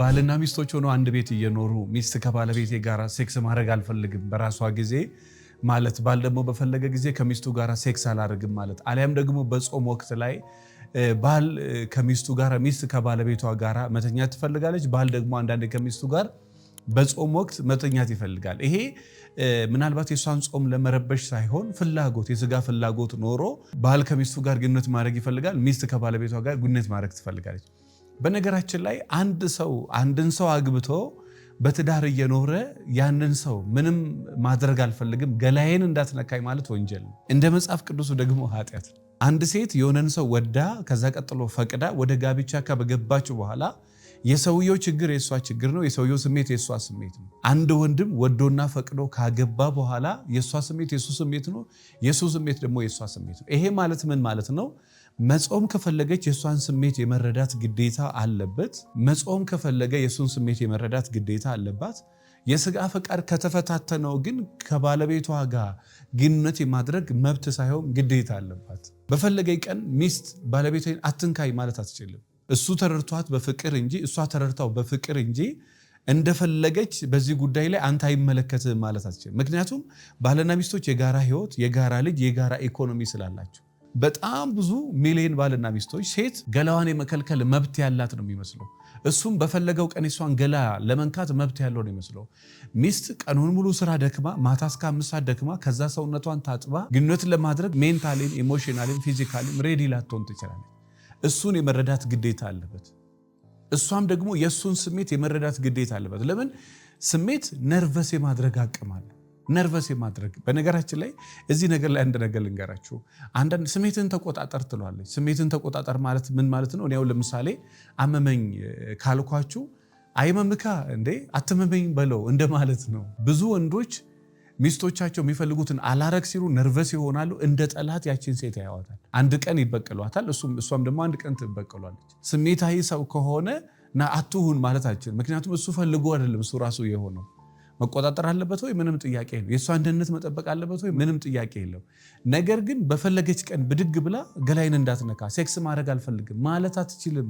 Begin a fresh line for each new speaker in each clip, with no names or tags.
ባልና ሚስቶች ሆነው አንድ ቤት እየኖሩ ሚስት ከባለቤቴ ጋር ሴክስ ማድረግ አልፈልግም በራሷ ጊዜ ማለት ባል ደግሞ በፈለገ ጊዜ ከሚስቱ ጋር ሴክስ አላደርግም ማለት አሊያም ደግሞ በጾም ወቅት ላይ ባል ከሚስቱ ጋር ሚስት ከባለቤቷ ጋር መተኛት ትፈልጋለች። ባል ደግሞ አንዳንዴ ከሚስቱ ጋር በጾም ወቅት መተኛት ይፈልጋል። ይሄ ምናልባት የእሷን ጾም ለመረበሽ ሳይሆን ፍላጎት የስጋ ፍላጎት ኖሮ ባል ከሚስቱ ጋር ግንኙነት ማድረግ ይፈልጋል። ሚስት ከባለቤቷ ጋር ግንኙነት ማድረግ ትፈልጋለች። በነገራችን ላይ አንድ ሰው አንድን ሰው አግብቶ በትዳር እየኖረ ያንን ሰው ምንም ማድረግ አልፈልግም ገላዬን እንዳትነካኝ ማለት ወንጀል ነው። እንደ መጽሐፍ ቅዱሱ ደግሞ ኃጢአት ነው። አንድ ሴት የሆነን ሰው ወዳ ከዛ ቀጥሎ ፈቅዳ ወደ ጋብቻ ከገባች በኋላ የሰውየው ችግር የእሷ ችግር ነው። የሰውየው ስሜት የእሷ ስሜት ነው። አንድ ወንድም ወዶና ፈቅዶ ካገባ በኋላ የእሷ ስሜት የእሱ ስሜት ነው። የእሱ ስሜት ደግሞ የእሷ ስሜት ነው። ይሄ ማለት ምን ማለት ነው? መጾም ከፈለገች የእሷን ስሜት የመረዳት ግዴታ አለበት። መጾም ከፈለገ የእሱን ስሜት የመረዳት ግዴታ አለባት። የስጋ ፈቃድ ከተፈታተነው ግን ከባለቤቷ ጋር ግንኙነት የማድረግ መብት ሳይሆን ግዴታ አለባት። በፈለገኝ ቀን ሚስት ባለቤቷን አትንካይ ማለት አትችልም። እሱ ተረድቷት በፍቅር እንጂ እሷ ተረድታው በፍቅር እንጂ እንደፈለገች በዚህ ጉዳይ ላይ አንተ አይመለከትም ማለት አትችልም። ምክንያቱም ባልና ሚስቶች የጋራ ህይወት የጋራ ልጅ፣ የጋራ ኢኮኖሚ ስላላቸው በጣም ብዙ ሚሊዮን ባልና ሚስቶች ሴት ገላዋን የመከልከል መብት ያላት ነው የሚመስለው። እሱም በፈለገው ቀን የሷን ገላ ለመንካት መብት ያለው ነው የሚመስለው። ሚስት ቀኑን ሙሉ ስራ ደክማ ማታ እስከ አምስት ሰዓት ደክማ ከዛ ሰውነቷን ታጥባ ግንኙነትን ለማድረግ ሜንታሊም፣ ኢሞሽናሊም ፊዚካሊም ሬዲ ላትሆን ትችላለች። እሱን የመረዳት ግዴታ አለበት። እሷም ደግሞ የእሱን ስሜት የመረዳት ግዴታ አለበት። ለምን ስሜት ነርቨስ የማድረግ አቅም አለ። ነርቨስ የማድረግ በነገራችን ላይ እዚህ ነገር ላይ አንድ ነገር ልንገራችሁ። አንዳንድ ስሜትን ተቆጣጠር ትሏለች። ስሜትን ተቆጣጠር ማለት ምን ማለት ነው? እኔ ለምሳሌ አመመኝ ካልኳችሁ አይመምካ እንዴ አትመመኝ በለው እንደማለት ነው። ብዙ ወንዶች ሚስቶቻቸው የሚፈልጉትን አላረግ ሲሉ ነርቨስ ይሆናሉ። እንደ ጠላት ያችን ሴት ያዋታል። አንድ ቀን ይበቅሏታል፣ እሷም ደግሞ አንድ ቀን ትበቅሏለች። ስሜታዊ ሰው ከሆነ ና አትሁን ማለታችን፣ ምክንያቱም እሱ ፈልጎ አይደለም እሱ ራሱ የሆነው መቆጣጠር አለበት ወይ? ምንም ጥያቄ የለው። የእሷ አንድነት መጠበቅ አለበት ወይ? ምንም ጥያቄ የለው። ነገር ግን በፈለገች ቀን ብድግ ብላ ገላይን እንዳትነካ ሴክስ ማድረግ አልፈልግም ማለት አትችልም።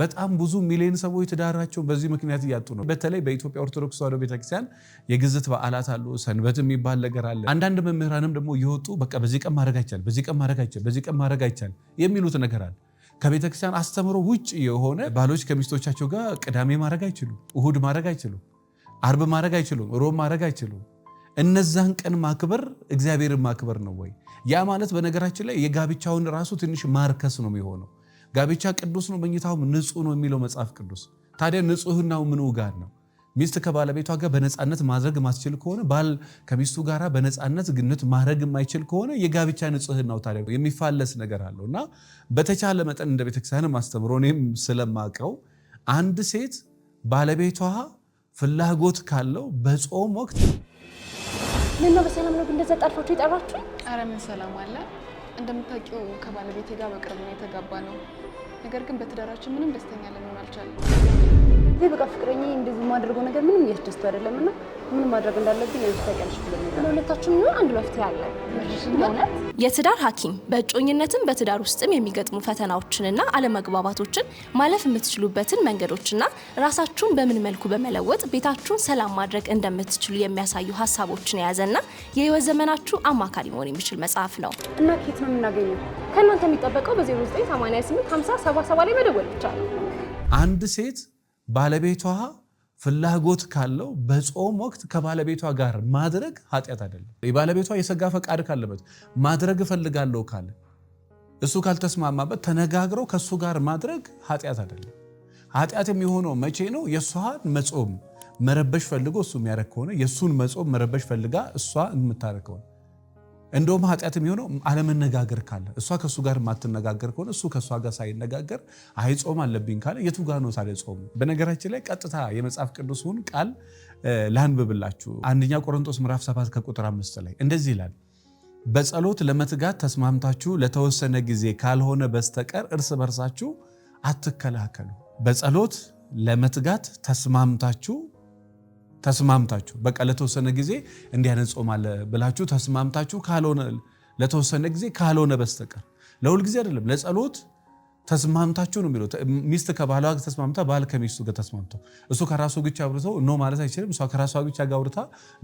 በጣም ብዙ ሚሊዮን ሰዎች ትዳራቸውን በዚህ ምክንያት እያጡ ነው። በተለይ በኢትዮጵያ ኦርቶዶክስ ተዋሕዶ ቤተክርስቲያን የግዝት በዓላት አሉ፣ ሰንበት የሚባል ነገር አለ። አንዳንድ መምህራንም ደግሞ እየወጡ በቃ በዚህ ቀን ማድረግ አይቻል፣ በዚህ ቀን ማድረግ አይቻል፣ በዚህ ቀን ማድረግ አይቻል የሚሉት ነገር አለ። ከቤተክርስቲያን አስተምሮ ውጭ የሆነ ባሎች ከሚስቶቻቸው ጋር ቅዳሜ ማድረግ አይችሉም፣ እሁድ ማድረግ አይችሉ አርብ ማድረግ አይችሉም፣ ሮብ ማድረግ አይችሉም። እነዛን ቀን ማክበር እግዚአብሔርን ማክበር ነው ወይ? ያ ማለት በነገራችን ላይ የጋብቻውን ራሱ ትንሽ ማርከስ ነው የሚሆነው። ጋብቻ ቅዱስ ነው፣ መኝታውም ንጹሕ ነው የሚለው መጽሐፍ ቅዱስ። ታዲያ ንጹህናው ምን ጋር ነው? ሚስት ከባለቤቷ ጋር በነፃነት ማድረግ ማስችል ከሆነ ባል ከሚስቱ ጋር በነፃነት ግንኙነት ማድረግ የማይችል ከሆነ የጋብቻ ንጽህናው ታዲያ የሚፋለስ ነገር አለው እና በተቻለ መጠን እንደ ቤተክርስቲያን አስተምሮ እኔም ስለማቀው አንድ ሴት ባለቤቷ ፍላጎት ካለው በጾም ወቅት
ነው በሰላም ነው? እንደዛ ጠርፋችሁ የጠራችሁ?
አረ ምን ሰላም አለ። እንደምታውቂው ከባለቤቴ ጋር በቅርብ ነው የተጋባ ነው። ነገር ግን በትዳራችን ምንም ደስተኛ ልንሆን አልቻለም።
ይህ በቃ ፍቅረኛ እንደዚህ የማደርገው ነገር ምንም እያስደስቱ አይደለም እና ምን ማድረግ እንዳለብኝ ያስታውቂያለሽ ብሎ ለሁለታችን ሆን አንድ መፍትሄ አለ።
የትዳር ሐኪም በእጮኝነትም በትዳር ውስጥም የሚገጥሙ ፈተናዎችንና አለመግባባቶችን ማለፍ የምትችሉበትን መንገዶችና ራሳችሁን በምን መልኩ በመለወጥ ቤታችሁን ሰላም ማድረግ እንደምትችሉ የሚያሳዩ ሀሳቦችን የያዘና የህይወት ዘመናችሁ አማካሪ መሆን የሚችል መጽሐፍ ነው
እና ኬት ነው የምናገኘው? ከእናንተ የሚጠበቀው በ0988 ላይ መደወል ብቻ ነው።
አንድ ሴት ባለቤቷ ፍላጎት ካለው በጾም ወቅት ከባለቤቷ ጋር ማድረግ ኃጢአት አይደለም። የባለቤቷ የሰጋ ፈቃድ ካለበት ማድረግ እፈልጋለሁ ካለ እሱ ካልተስማማበት ተነጋግረው ከእሱ ጋር ማድረግ ኃጢአት አይደለም። ኃጢአት የሚሆነው መቼ ነው? የእሷን መጾም መረበሽ ፈልጎ እሱ የሚያደርግ ከሆነ የእሱን መጾም መረበሽ ፈልጋ እሷ የምታደርግ ከሆነ እንደውም ኃጢአት የሚሆነው አለመነጋገር ካለ እሷ ከእሱ ጋር የማትነጋገር ከሆነ እሱ ከእሷ ጋር ሳይነጋገር አይ ጾም አለብኝ ካለ የቱ ጋር ነው ታዲያ ጾሙ? በነገራችን ላይ ቀጥታ የመጽሐፍ ቅዱስን ቃል ላንብብላችሁ። አንደኛ ቆሮንቶስ ምዕራፍ 7 ከቁጥር 5 ላይ እንደዚህ ይላል በጸሎት ለመትጋት ተስማምታችሁ ለተወሰነ ጊዜ ካልሆነ በስተቀር እርስ በርሳችሁ አትከላከሉ። በጸሎት ለመትጋት ተስማምታችሁ ተስማምታችሁ በቃ ለተወሰነ ጊዜ እንዲህ አይነት ጾም አለ ብላችሁ ተስማምታችሁ ካልሆነ ለተወሰነ ጊዜ ካልሆነ በስተቀር ለሁል ጊዜ አይደለም ለጸሎት ተስማምታችሁ ነው የሚለው። ሚስት ከባሏ ጋር ተስማምታ፣ ባል ከሚስቱ ጋር ተስማምቶ እሱ ከራሱ ግቻ አብርተው ኖ ማለት አይችልም። እሷ ከራሷ ግቻ ጋር አብርታ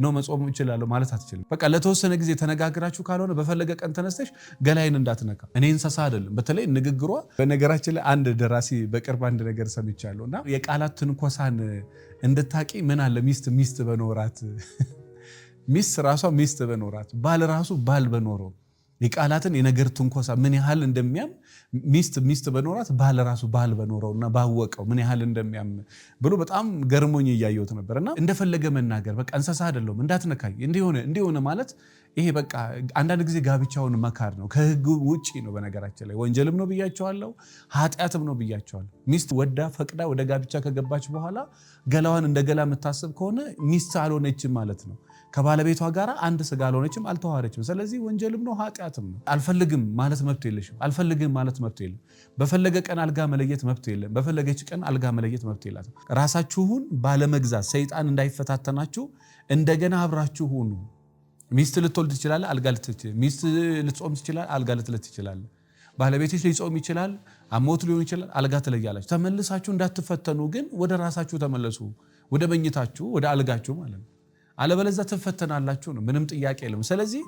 ኖ መጾም እችላለሁ ማለት አትችልም። በቃ ለተወሰነ ጊዜ ተነጋግራችሁ ካልሆነ በፈለገ ቀን ተነስተሽ ገላይን እንዳትነካ። እኔ እንስሳ አይደለም። በተለይ ንግግሯ። በነገራችን ላይ አንድ ደራሲ በቅርብ አንድ ነገር ሰምቻለሁ እና የቃላት ትንኮሳን እንድታቂ ምን አለ ሚስት ሚስት በኖራት ሚስት ራሷ ሚስት በኖራት ባል ራሱ ባል በኖረው የቃላትን የነገር ትንኮሳ ምን ያህል እንደሚያም ሚስት ሚስት በኖራት ባል ራሱ ባል በኖረው እና ባወቀው ምን ያህል እንደሚያም ብሎ በጣም ገርሞኝ እያየሁት ነበር። እና እንደፈለገ መናገር በቃ እንስሳ አይደለሁም እንዳትነካኝ እንዲሆነ እንዲሆነ ማለት ይሄ በቃ አንዳንድ ጊዜ ጋብቻውን መካድ ነው፣ ከህግ ውጭ ነው። በነገራችን ላይ ወንጀልም ነው ብያቸዋለሁ፣ ኃጢአትም ነው ብያቸዋለሁ። ሚስት ወዳ ፈቅዳ ወደ ጋብቻ ከገባች በኋላ ገላዋን እንደ ገላ የምታስብ ከሆነ ሚስት አልሆነችም ማለት ነው። ከባለቤቷ ጋር አንድ ስጋ አልሆነችም፣ አልተዋረችም ስለዚህ ወንጀልም ነው ኃጢአትም ነው። አልፈልግም ማለት መብት የለሽም። አልፈልግም ማለት መብት የለም። በፈለገ ቀን አልጋ መለየት መብት የለም። በፈለገች ቀን አልጋ መለየት መብት የላትም። ራሳችሁን ባለመግዛት ሰይጣን እንዳይፈታተናችሁ እንደገና አብራችሁ ሁኑ። ሚስት ልትወልድ ትችላለ፣ አልጋ ሚስት ልትጾም ትችላል፣ አልጋ ልትለት ትችላለ። ባለቤቶች ሊጾም ይችላል፣ አሞት ሊሆን ይችላል፣ አልጋ ትለያላችሁ። ተመልሳችሁ እንዳትፈተኑ ግን ወደ ራሳችሁ ተመለሱ፣ ወደ መኝታችሁ፣ ወደ አልጋችሁ ማለት ነው። አለበለዚያ ትፈተናላችሁ ነው። ምንም ጥያቄ የለም። ስለዚህ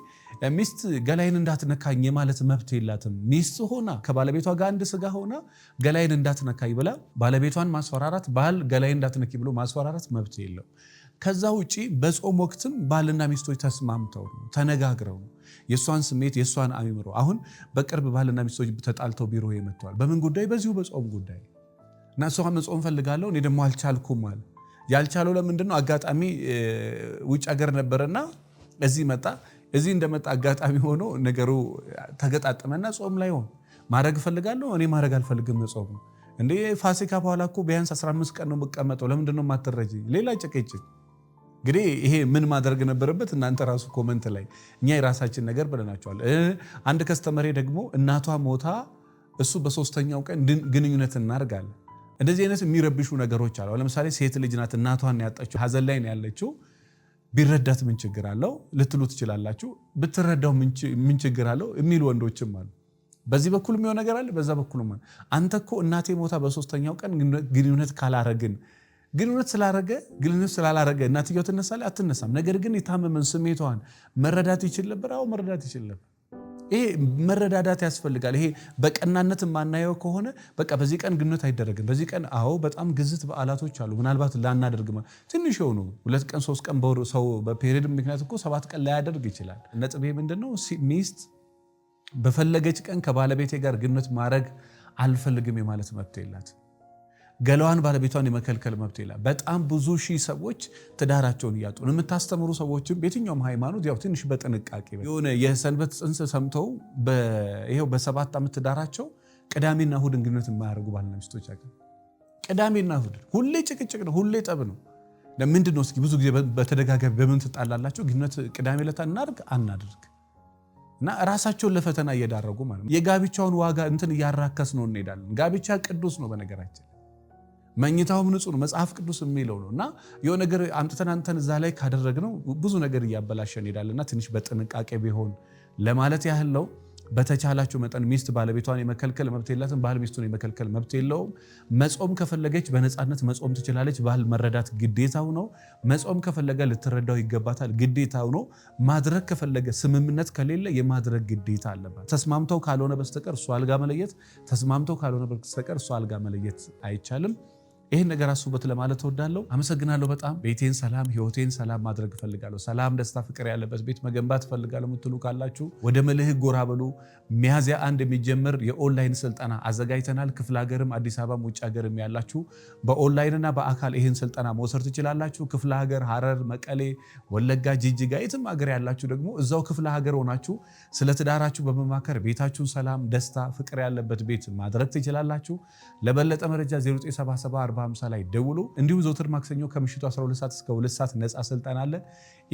ሚስት ገላይን እንዳትነካኝ የማለት መብት የላትም። ሚስት ሆና ከባለቤቷ ጋር አንድ ስጋ ሆና ገላይን እንዳትነካኝ ብላ ባለቤቷን ማስፈራራት፣ ባል ገላይን እንዳትነኪ ብሎ ማስፈራራት መብት የለው። ከዛ ውጪ በጾም ወቅትም ባልና ሚስቶች ተስማምተው ነው ተነጋግረው ነው የእሷን ስሜት የእሷን አሚምሮ አሁን በቅርብ ባልና ሚስቶች ተጣልተው ቢሮ መጥተዋል። በምን ጉዳይ? በዚሁ በጾም ጉዳይ እና እሷ መጾም ፈልጋለሁ እኔ ደግሞ አልቻልኩም አለ ያልቻለው ለምንድን ነው? አጋጣሚ ውጭ ሀገር ነበረና እዚህ መጣ። እዚህ እንደመጣ አጋጣሚ ሆኖ ነገሩ ተገጣጠመና ጾም ላይ ሆን ማድረግ እፈልጋለሁ እኔ ማድረግ አልፈልግም ጾም ነው እንዴ ፋሲካ በኋላ እኮ ቢያንስ 15 ቀን ነው የምቀመጠው። ለምንድን ነው የማትረጅ? ሌላ ጭቅጭቅ። እንግዲህ ይሄ ምን ማድረግ ነበረበት? እናንተ ራሱ ኮመንት ላይ እኛ የራሳችን ነገር ብለናቸዋል። አንድ ከስተመሬ ደግሞ እናቷ ሞታ እሱ በሶስተኛው ቀን ግንኙነት እናደርጋለን እንደዚህ አይነት የሚረብሹ ነገሮች አሉ። ለምሳሌ ሴት ልጅ ናት፣ እናቷን ያጣችው፣ ሀዘን ላይ ነው ያለችው። ቢረዳት ምን ችግር አለው ልትሉ ትችላላችሁ። ብትረዳው ምን ችግር አለው የሚሉ ወንዶችም አሉ። በዚህ በኩል የሚሆን ነገር አለ፣ በዛ በኩል አንተ እኮ እናቴ ሞታ በሶስተኛው ቀን ግንኙነት ካላረግን ግንኙነት ስላረገ ግንኙነት ስላላረገ እናትየው ትነሳለች አትነሳም። ነገር ግን የታመመን ስሜቷን መረዳት ይችል ነበር። አዎ መረዳት ይችል ነበር። ይሄ መረዳዳት ያስፈልጋል። ይሄ በቀናነት የማናየው ከሆነ በቃ በዚህ ቀን ግንኙነት አይደረግም። በዚህ ቀን አዎ፣ በጣም ግዝት በዓላቶች አሉ። ምናልባት ላናደርግ ትንሽ የሆኑ ሁለት ቀን ሶስት ቀን በወር ሰው በፔሪድ ምክንያት እኮ ሰባት ቀን ላያደርግ ይችላል። ነጥብ ምንድን ሚስት በፈለገች ቀን ከባለቤቴ ጋር ግንኙነት ማድረግ አልፈልግም የማለት መብት የላት ገለዋን ባለቤቷን የመከልከል መብት ይላል። በጣም ብዙ ሺህ ሰዎች ትዳራቸውን እያጡ ነው። የምታስተምሩ ሰዎችም በየትኛውም ሃይማኖት ያው ትንሽ በጥንቃቄ የሆነ የሰንበት ጽንስ ሰምተው ይኸው በሰባት ዓመት ትዳራቸው ቅዳሜና እሁድ ግንኙነት የማያደርጉ ባልና ሚስቶች ያቀ ቅዳሜና እሁድ ሁሌ ጭቅጭቅ ነው፣ ሁሌ ጠብ ነው። ለምንድን ነው እስኪ ብዙ ጊዜ በተደጋጋሚ በምን ትጣላላቸው? ግንኙነት ቅዳሜ ዕለት እናድርግ አናድርግ እና ራሳቸውን ለፈተና እየዳረጉ ማለት ነው። የጋብቻውን ዋጋ እንትን እያራከስ ነው እንሄዳለን። ጋብቻ ቅዱስ ነው በነገራችን መኝታውም ንጹህ ነው፣ መጽሐፍ ቅዱስ የሚለው ነው። እና የሆነ ነገር አምጥተን አንተን እዛ ላይ ካደረግነው ብዙ ነገር እያበላሸ እንሄዳለና ትንሽ በጥንቃቄ ቢሆን ለማለት ያህል ነው። በተቻላቸው መጠን ሚስት ባለቤቷን የመከልከል መብት የላትም። ባል ሚስቱን የመከልከል መብት የለውም። መጾም ከፈለገች በነፃነት መጾም ትችላለች። ባል መረዳት ግዴታው ነው። መጾም ከፈለገ ልትረዳው ይገባታል፣ ግዴታው ነው። ማድረግ ከፈለገ ስምምነት ከሌለ የማድረግ ግዴታ አለባት። ተስማምተው ካልሆነ በስተቀር እሱ አልጋ መለየት ተስማምተው ካልሆነ በስተቀር እሱ አልጋ መለየት አይቻልም። ይህን ነገር አስቡበት ለማለት እወዳለሁ። አመሰግናለሁ በጣም ቤቴን ሰላም፣ ህይወቴን ሰላም ማድረግ እፈልጋለሁ፣ ሰላም፣ ደስታ፣ ፍቅር ያለበት ቤት መገንባት እፈልጋለሁ የምትሉ ካላችሁ ወደ መልህ ጎራ በሉ። ሚያዝያ አንድ የሚጀምር የኦንላይን ስልጠና አዘጋጅተናል። ክፍለ ሀገርም አዲስ አበባም ውጭ ሀገርም ያላችሁ በኦንላይንና በአካል ይህን ስልጠና መውሰድ ትችላላችሁ። ክፍለ ሀገር ሀረር፣ መቀሌ፣ ወለጋ፣ ጅጅጋ የትም ሀገር ያላችሁ ደግሞ እዛው ክፍለ ሀገር ሆናችሁ ስለ ትዳራችሁ በመማከር ቤታችሁን ሰላም፣ ደስታ፣ ፍቅር ያለበት ቤት ማድረግ ትችላላችሁ። ለበለጠ መረጃ 097745 ላይ ደውሉ። እንዲሁም ዘውትር ማክሰኞ ከምሽቱ 12 ሰዓት እስከ 2 ሰዓት ነፃ ስልጠና አለ።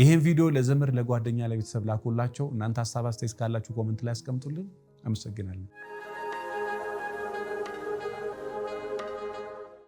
ይህን ቪዲዮ ለዘመድ ለጓደኛ፣ ለቤተሰብ ላኩላቸው። እናንተ ሀሳብ አስተያየት ካላችሁ ኮመንት ላይ አስቀምጡልን። አመሰግናለሁ።